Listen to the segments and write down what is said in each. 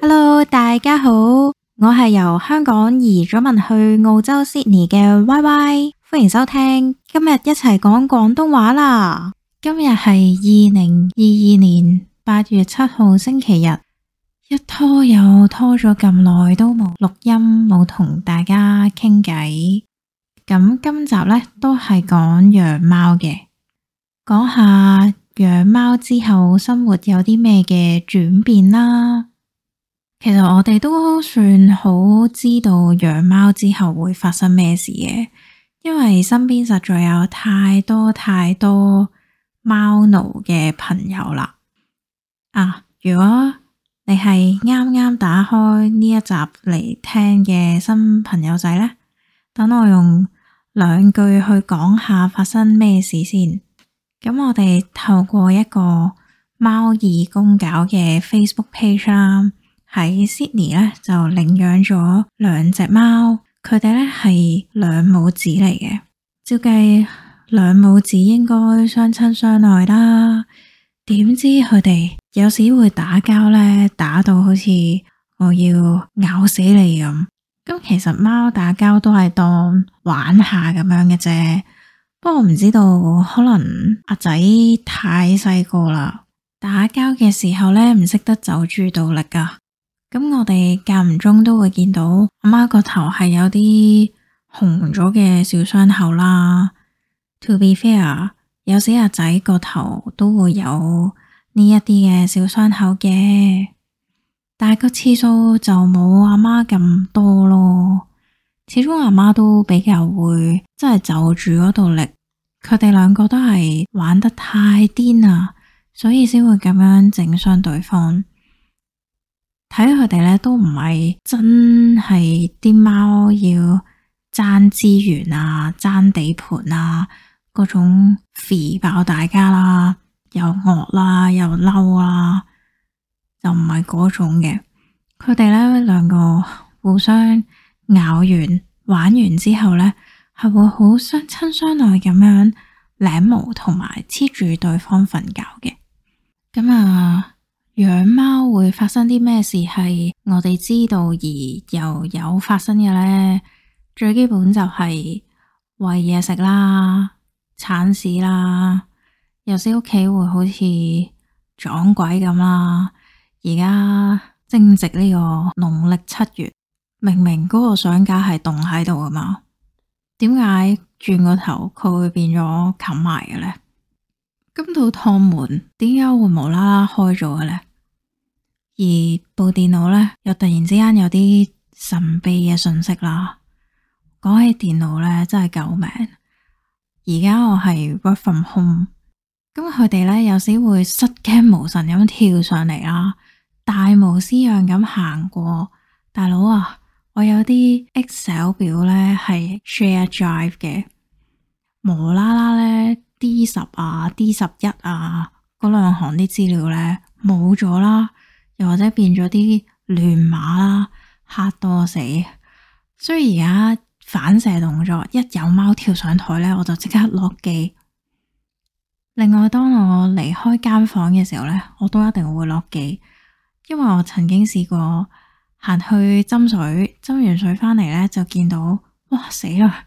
Hello，大家好，我係由香港移咗民去澳洲 Sydney 嘅 Y Y，歡迎收聽，今日一齊講廣東話啦。今日係二零二二年八月七號星期日，一拖又拖咗咁耐，都冇錄音，冇同大家傾偈。咁今集呢都係講養貓嘅。講下養貓之後生活有啲咩嘅轉變啦。其實我哋都算好知道養貓之後會發生咩事嘅，因為身邊實在有太多太多貓奴嘅朋友啦。啊，如果你係啱啱打開呢一集嚟聽嘅新朋友仔呢，等我用兩句去講下發生咩事先。咁我哋透過一個貓義工搞嘅 Facebook page 啦，喺 Sydney 咧就領養咗兩隻貓，佢哋咧係兩母子嚟嘅。照計兩母子應該相親相愛啦，點知佢哋有時會打交咧，打到好似我要咬死你咁。咁其實貓打交都係當玩下咁樣嘅啫。不過唔知道，可能阿仔太細個啦，打交嘅時候咧唔識得走住道力噶。咁我哋間唔中都會見到阿媽個頭係有啲紅咗嘅小傷口啦。 To be fair，有時阿仔個頭都會有呢一啲嘅小傷口嘅，但係個次數就冇阿媽咁多咯。始終阿媽，媽都比較會真係就住嗰度力，佢哋兩個都係玩得太癲啦，所以先會咁樣整傷對方。睇佢哋咧都唔係真係啲貓要爭資源啊、爭地盤啊嗰種肥爆大家啦，又惡啦，又嬲啦，就唔係嗰種嘅。佢哋咧兩個互相。咬完玩完之後呢，係會好相親相愛咁樣舐毛同埋黐住對方瞓覺嘅。咁啊，養貓會發生啲咩事係我哋知道而又有發生嘅呢？最基本就係餵嘢食啦、鏟屎啦，有時屋企會好似撞鬼咁啦、啊。而家正值呢個農曆七月。明明嗰個相架係凍喺度啊嘛，點解轉個頭佢會變咗冚埋嘅咧？咁到趟門點解會無啦啦開咗嘅咧？而部電腦咧又突然之間有啲神秘嘅信息啦。講起電腦咧真係救命。而家我係 work from home，咁佢哋咧有時會失驚無神咁跳上嚟啦，大模斯樣咁行過，大佬啊！我有啲 Excel 表咧係 Share Drive 嘅，無啦啦咧 D 十啊 D 十一啊嗰兩行啲資料咧冇咗啦，又或者變咗啲亂碼啦，吓到我死！所以而家反射動作，一有貓跳上枱咧，我就即刻落機。另外，當我離開間房嘅時候咧，我都一定會落機，因為我曾經試過。行去斟水，斟完水翻嚟咧就見到，哇死啦！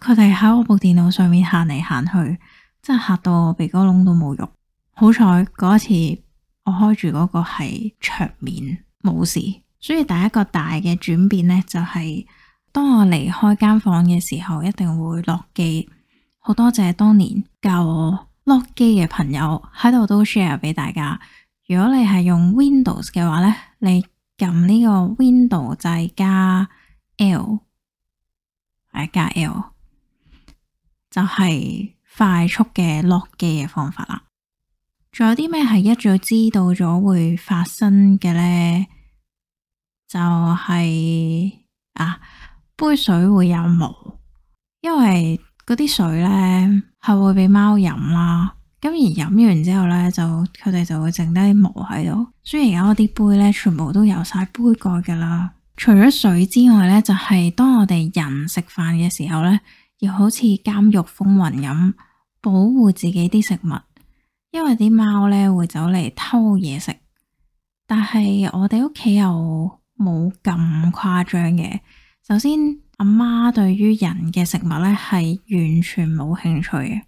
佢哋喺我部電腦上面行嚟行去，真係嚇到我鼻哥窿都冇肉。好彩嗰次我開住嗰個係桌面，冇事。所以第一個大嘅轉變咧，就是，就係當我離開間房嘅時候，一定會落機。好多謝當年教我落機嘅朋友喺度都 share 俾大家。如果你係用 Windows 嘅話咧，你。撳呢個 window 就加 L，係、啊、加 L，就係快速嘅落機嘅方法啦。仲有啲咩係一早知道咗會發生嘅咧？就係、是、啊，杯水會有毛，因為嗰啲水咧係會俾貓飲啦。咁而飲完之後呢，就佢哋就會剩低啲毛喺度。雖然而家啲杯呢，全部都有晒杯蓋噶啦，除咗水之外呢，就係當我哋人食飯嘅時候呢，要好似監獄風雲咁保護自己啲食物，因為啲貓呢會走嚟偷嘢食。但係我哋屋企又冇咁誇張嘅。首先，阿媽對於人嘅食物呢，係完全冇興趣嘅。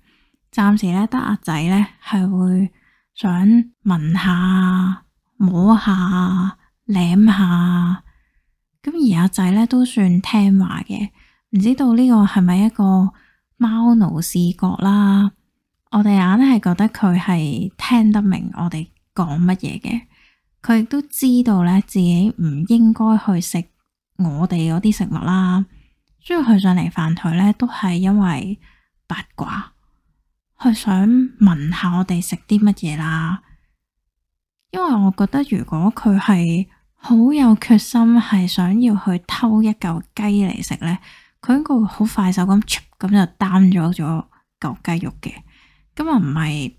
暫時咧，得阿仔咧係會想聞下、摸下、舐下。咁而阿仔咧都算聽話嘅，唔知道呢個係咪一個貓奴視角啦？我哋硬咧係覺得佢係聽得明我哋講乜嘢嘅，佢亦都知道咧自己唔應該去食我哋嗰啲食物啦。所以佢上嚟飯台咧，都係因為八卦。佢想問下我哋食啲乜嘢啦，因為我覺得如果佢係好有決心係想要去偷一嚿雞嚟食呢，佢應該會好快手咁，咁就擔咗咗嚿雞肉嘅，咁又唔係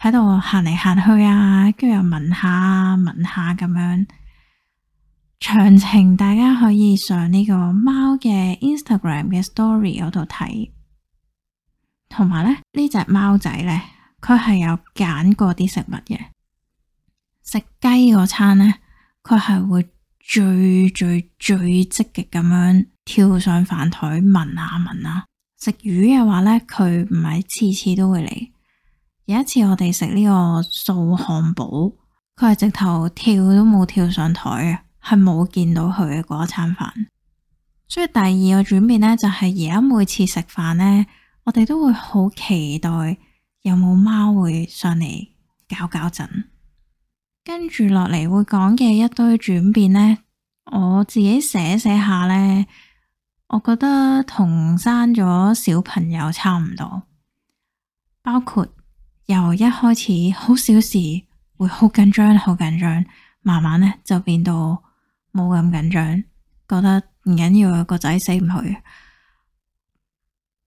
喺度行嚟行去啊，跟住又問下問下咁樣。詳情大家可以上呢個貓嘅 Instagram 嘅 Story 嗰度睇。同埋咧，呢隻貓仔呢，佢係有揀過啲食物嘅。食雞嗰餐呢，佢係會最最最積極咁樣跳上飯台，聞下聞啊，食魚嘅話呢，佢唔係次次都會嚟。有一次我哋食呢個素漢堡，佢係直頭跳都冇跳上台嘅，係冇見到佢嗰餐飯。所以第二個轉變呢，就係而家每次食飯呢。我哋都會好期待有冇貓會上嚟搞搞陣，跟住落嚟會講嘅一堆轉變呢，我自己寫寫下呢，我覺得同生咗小朋友差唔多，包括由一開始好小事會好緊張，好緊張，慢慢咧就變到冇咁緊張，覺得唔緊要個仔死唔去。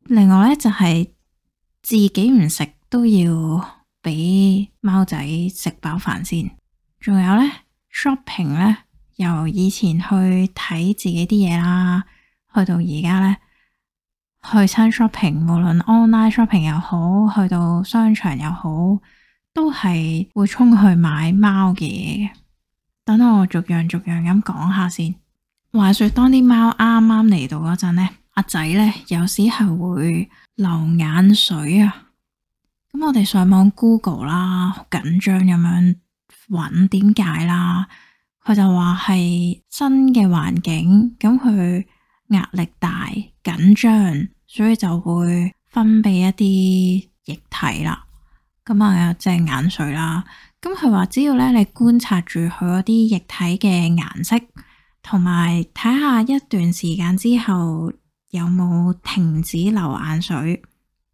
另外咧，就係、是、自己唔食都要俾貓仔食飽飯先。仲有咧，shopping 咧，由以前去睇自己啲嘢啦，去到而家咧，去親 shopping，無論 online shopping 又好，去到商場又好，都係會衝去買貓嘅嘢嘅。等我逐樣逐樣咁講下先。話說當貓剛剛，當啲貓啱啱嚟到嗰陣咧。阿仔咧，有時係會流眼水啊，咁我哋上網 Google 啦，好緊張咁樣搵點解啦？佢就話係新嘅環境，咁佢壓力大緊張，所以就會分泌一啲液體啦，咁啊即係眼水啦。咁佢話只要咧你觀察住佢嗰啲液體嘅顏色，同埋睇下一段時間之後。有冇停止流眼水，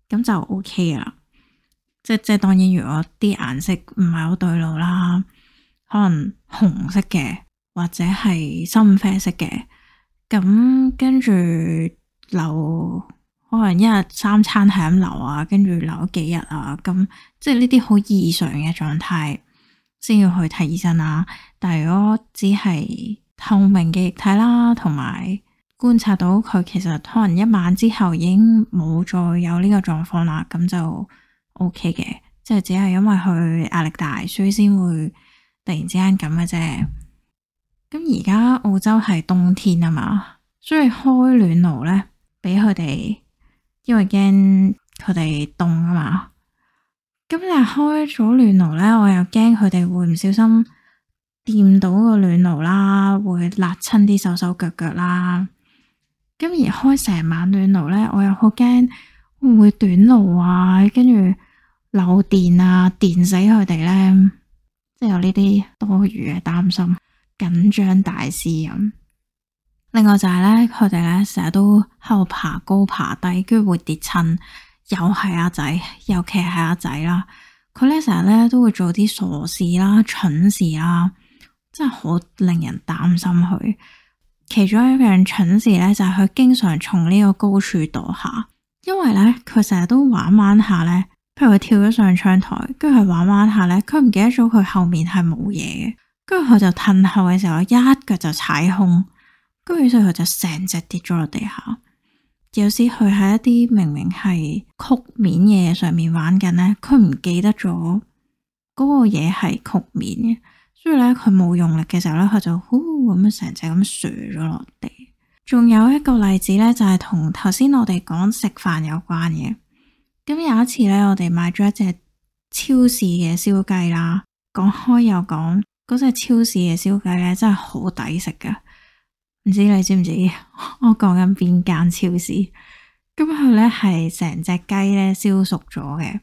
咁就 OK 啦，即係即係當然，如果啲顏色唔係好對路啦，可能紅色嘅，或者係深啡色嘅，咁跟住流，可能一日三餐係咁流，流啊，跟住流咗幾日啊，咁即係呢啲好異常嘅狀態，先要去睇醫生啊。但係如果只係透明嘅液體啦，同埋，觀察到佢其實可能一晚之後已經冇再有呢個狀況啦，咁就 OK 嘅，即係只係因為佢壓力大，所以先會突然之間咁嘅啫。咁而家澳洲係冬天啊嘛，所以開暖爐呢俾佢哋因為驚佢哋凍啊嘛。咁但係開咗暖爐呢，我又驚佢哋會唔小心掂到個暖爐啦，會辣親啲手手腳腳啦。咁而開成晚暖爐咧，我又好驚會唔會短路啊，跟住漏電啊，電死佢哋咧，即係有呢啲多餘嘅擔心、緊張大師咁。另外就係咧，佢哋咧成日都喺度爬高爬低，跟住會跌親，又係阿仔，尤其係阿仔啦。佢咧成日咧都會做啲傻事啦、蠢事啦，真係好令人擔心佢。其中一樣蠢事咧，就係佢經常從呢個高處墮下，因為咧佢成日都玩玩下咧，譬如佢跳咗上窗台，跟住佢玩玩下咧，佢唔記得咗佢後面係冇嘢嘅，跟住佢就褪後嘅時候一腳就踩空，跟住所以佢就成隻跌咗落地下。有時佢喺一啲明明係曲面嘅嘢上面玩緊咧，佢唔記得咗嗰個嘢係曲面嘅。所以咧，佢冇用力嘅時候咧，佢就呼咁樣，成隻咁碎咗落地。仲有一個例子咧，就係同頭先我哋講食飯有關嘅。咁有一次咧，我哋買咗一隻超市嘅燒雞啦。講開又講，嗰隻超市嘅燒雞咧，真係好抵食噶。唔知你知唔知我講緊邊間超市？咁佢咧係成隻雞咧燒熟咗嘅，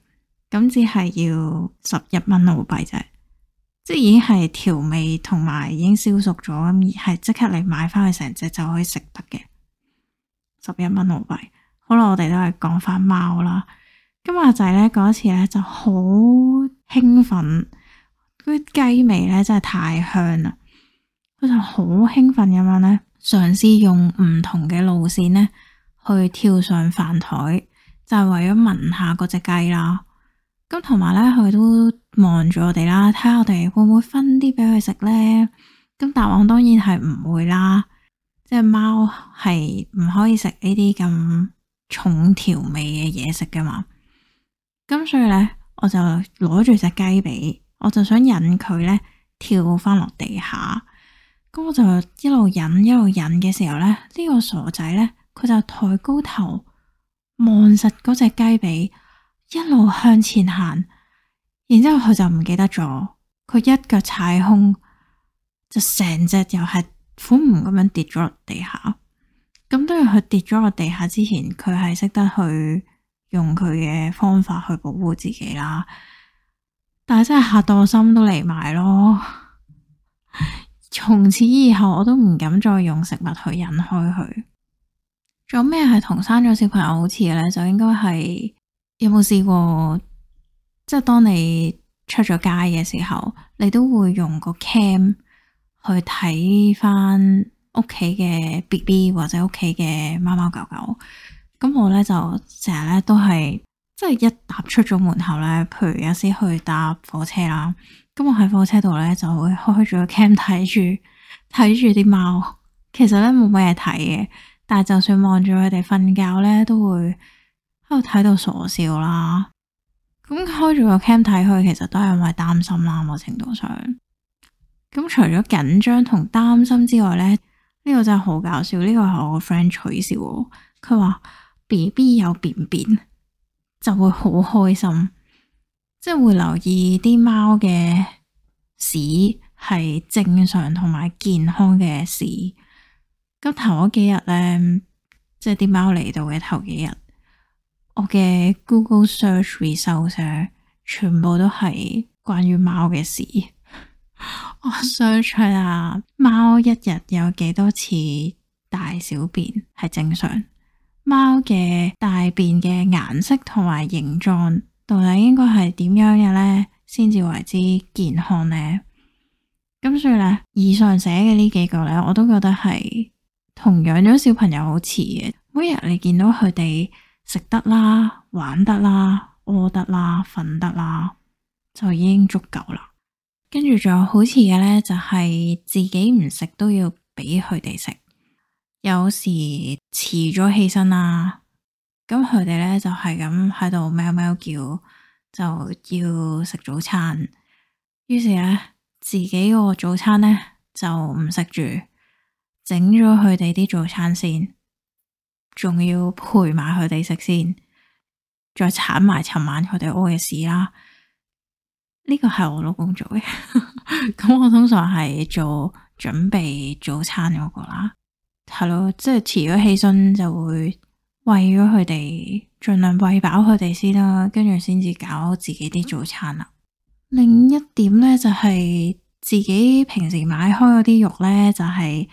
咁只係要十一蚊澳幣啫。即係已經係調味同埋已經燒熟咗咁，而係即刻嚟買翻佢成隻就可以食得嘅，十一蚊澳幣。好啦，我哋都係講翻貓啦。今日仔咧嗰次咧就好興奮，嗰雞味咧真係太香啦，佢就好興奮咁樣咧嘗試用唔同嘅路線咧去跳上飯台，就係為咗聞下嗰隻雞啦。咁同埋咧，佢都望住我哋啦，睇下我哋會唔會分啲俾佢食咧？咁答案當然係唔會啦，即係貓係唔可以食呢啲咁重調味嘅嘢食噶嘛。咁所以咧，我就攞住隻雞髀，我就想引佢咧跳翻落地下。咁我就一路引，一路引嘅時候咧，呢個傻仔咧，佢就抬高頭望實嗰隻雞髀。一路向前行，然之後佢就唔記得咗，佢一腳踩空，就成隻又係虎唔咁樣跌咗落地下。咁都要佢跌咗落地下之前，佢係識得去用佢嘅方法去保護自己啦。但係真係嚇到我心都嚟埋咯。從此以後，我都唔敢再用食物去引開佢。仲有咩係同生咗小朋友好似嘅咧？就應該係。有冇試過？即係當你出咗街嘅時候，你都會用個 cam 去睇翻屋企嘅 BB 或者屋企嘅貓貓狗狗。咁我咧就成日咧都係，即係一踏出咗門口咧，譬如有時去搭火車啦。咁我喺火車度咧就會開咗個 cam 睇住睇住啲貓。其實咧冇乜嘢睇嘅，但係就算望住佢哋瞓覺咧，都會。喺度睇到傻笑啦，咁開住個 cam 睇佢，其實都係因為擔心啦，某程度上。咁除咗緊張同擔心之外咧，呢個真係好搞笑。呢個係我個 friend 取笑我，佢話 BB 有便便就會好開心，即係會留意啲貓嘅屎係正常同埋健康嘅屎。咁頭嗰幾日咧，即係啲貓嚟到嘅頭幾日。我嘅 Google search result 全部都係關於貓嘅事。 我 search 下貓一日有幾多次大小便係正常？貓嘅大便嘅顏色同埋形狀到底應該係點樣嘅呢？先至為之健康呢？咁所以咧，以上寫嘅呢幾個咧，我都覺得係同養咗小朋友好似嘅，每日你見到佢哋。食得啦，玩得啦，屙得啦，瞓得啦，就已經足夠啦。跟住就好似嘅呢，就係自己唔食都要俾佢哋食。有時遲咗起身啦，咁佢哋呢就係咁喺度喵喵叫，就要食早餐。於是呢，自己個早餐呢就唔食住，整咗佢哋啲早餐先。仲要陪埋佢哋食先，再鏟埋尋晚佢哋屙嘅屎啦。呢個係我老公做嘅，咁 我通常係做準備早餐嗰、嗰個啦，係咯，即係遲咗起身就會喂咗佢哋，盡量喂飽佢哋先啦，跟住先至搞自己啲早餐啦。另一點呢，就係、係、自己平時買開嗰啲肉呢，就係、係。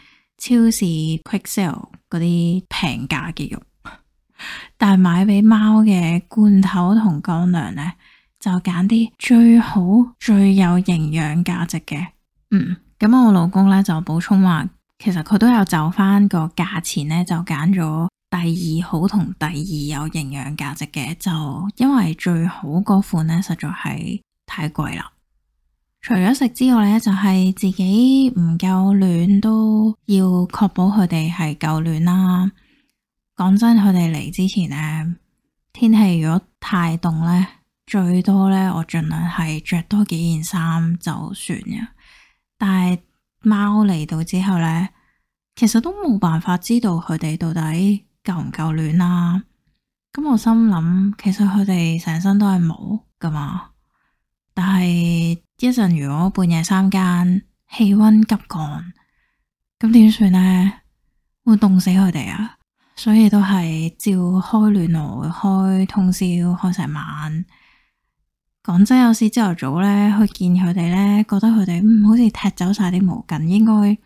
超市 quick sale 嗰啲平價嘅肉， 但係買俾貓嘅罐頭同乾糧呢，就揀啲最好最有營養價值嘅。嗯，咁我老公呢，就補充話，其實佢都有就翻個價錢呢，就揀咗第二好同第二有營養價值嘅，就因為最好嗰款呢，實在係太貴啦。除咗食之外咧，就係自己唔夠暖都要確保佢哋係夠暖啦。講真，佢哋嚟之前咧，天氣如果太凍咧，最多咧我盡量係着多幾件衫就算呀。但係貓嚟到之後咧，其實都冇辦法知道佢哋到底夠唔夠暖啦。咁我心諗，其實佢哋成身都係毛噶嘛。但係一陣如果半夜三更氣溫急降，咁點算呢？會凍死佢哋啊！所以都係照開暖爐，開通宵，開成晚。講真，有時朝頭早咧去見佢哋咧，覺得佢哋嗯，好似踢走晒啲毛巾，應該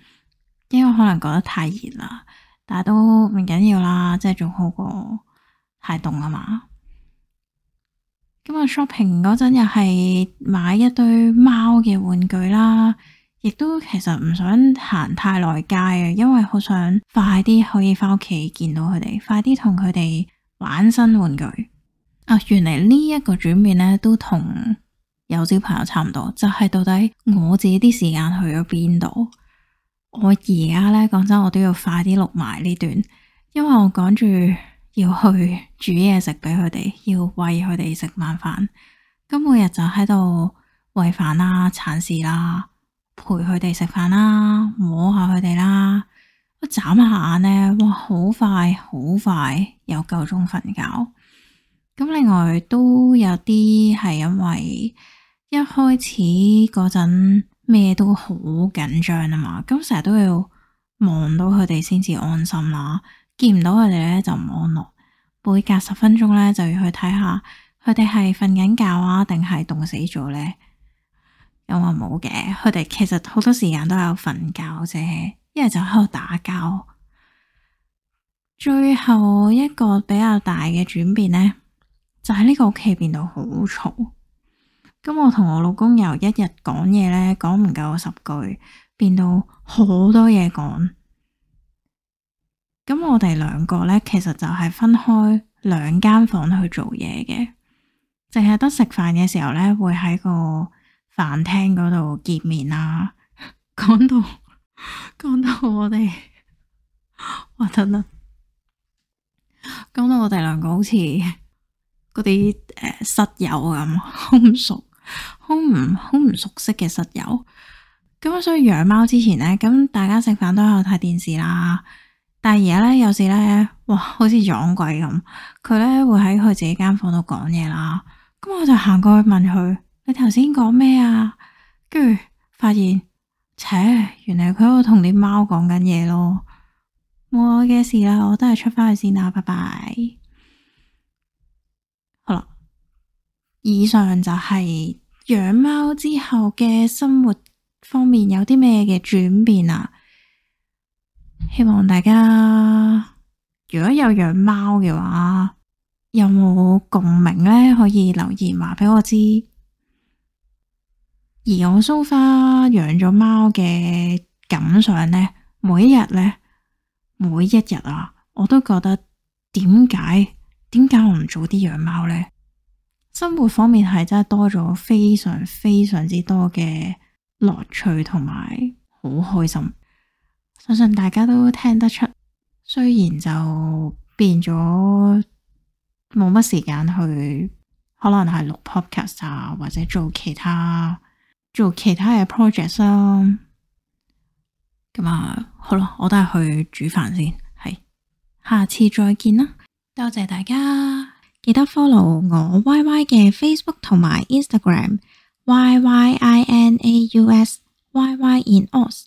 應該可能覺得太熱啦，但係都唔緊要啦，即係仲好過太凍啊嘛。咁啊，shopping 嗰陣又係買一堆貓嘅玩具啦，亦都其實唔想行太耐街啊，因為好想快啲可以翻屋企見到佢哋，快啲同佢哋玩新玩具。啊，原嚟呢一個轉變咧，都同有小朋友差唔多，就係到底我自己啲時間去咗邊度？我而家咧講真，我都要快啲錄埋呢段，因為我趕住。要去煮嘢食俾佢哋，要餵佢哋食晚飯，咁每日就喺度餵飯啦、鏟屎啦、陪佢哋食飯啦、摸下佢哋啦，我眨下眼呢，哇！好快，好快，有夠鐘瞓覺。咁另外都有啲係因為一開始嗰陣咩都好緊張啊嘛，咁成日都要望到佢哋先至安心啦。見唔到佢哋咧就唔安樂，每隔十分鐘咧就要去睇下佢哋係瞓緊覺啊，定係凍死咗咧？又話冇嘅，佢哋其實好多時間都有瞓覺啫，一係就喺度打交。最後一個比較大嘅轉變咧，就喺呢個屋企變到好嘈。咁我同我老公由一日講嘢咧講唔夠十句，變到好多嘢講。咁我哋兩個咧，其實就係分開兩間房去做嘢嘅，淨係得食飯嘅時候咧，會喺個飯廳嗰度見面啦，啊。講到講到我哋，哇，等等，講到我哋兩個好似嗰啲誒室友咁，好唔熟，好唔好唔熟悉嘅室友。咁所以養貓之前咧，咁大家食飯都喺度睇電視啦。但係而家咧，有時咧，哇，好似撞鬼咁，佢咧會喺佢自己間房度講嘢啦。咁我就行過去問佢，你頭先講咩啊？跟住發現，切，原來佢喺度同啲貓講緊嘢咯。冇我嘅事啦，我都係出翻去先啦，拜拜。好啦，以上就係養貓之後嘅生活方面有啲咩嘅轉變啊。希望大家如果有養貓嘅話，有冇共鳴呢？可以留言話俾我知。而我蘇花養咗貓嘅感想呢，每一日咧，每一日啊，我都覺得點解點解我唔早啲養貓呢？生活方面係真係多咗非常非常之多嘅樂趣同埋好開心。相信大家都聽得出，雖然就變咗冇乜時間去，可能係錄 podcast 啊，或者做其他做其他嘅 project 啦、啊。咁啊，好啦，我都係去煮飯先，係下次再見啦，多謝大家，記得 follow 我 YY agram, Y Y 嘅 Facebook 同埋 Instagram Y Y I N A U S Y Y In Aus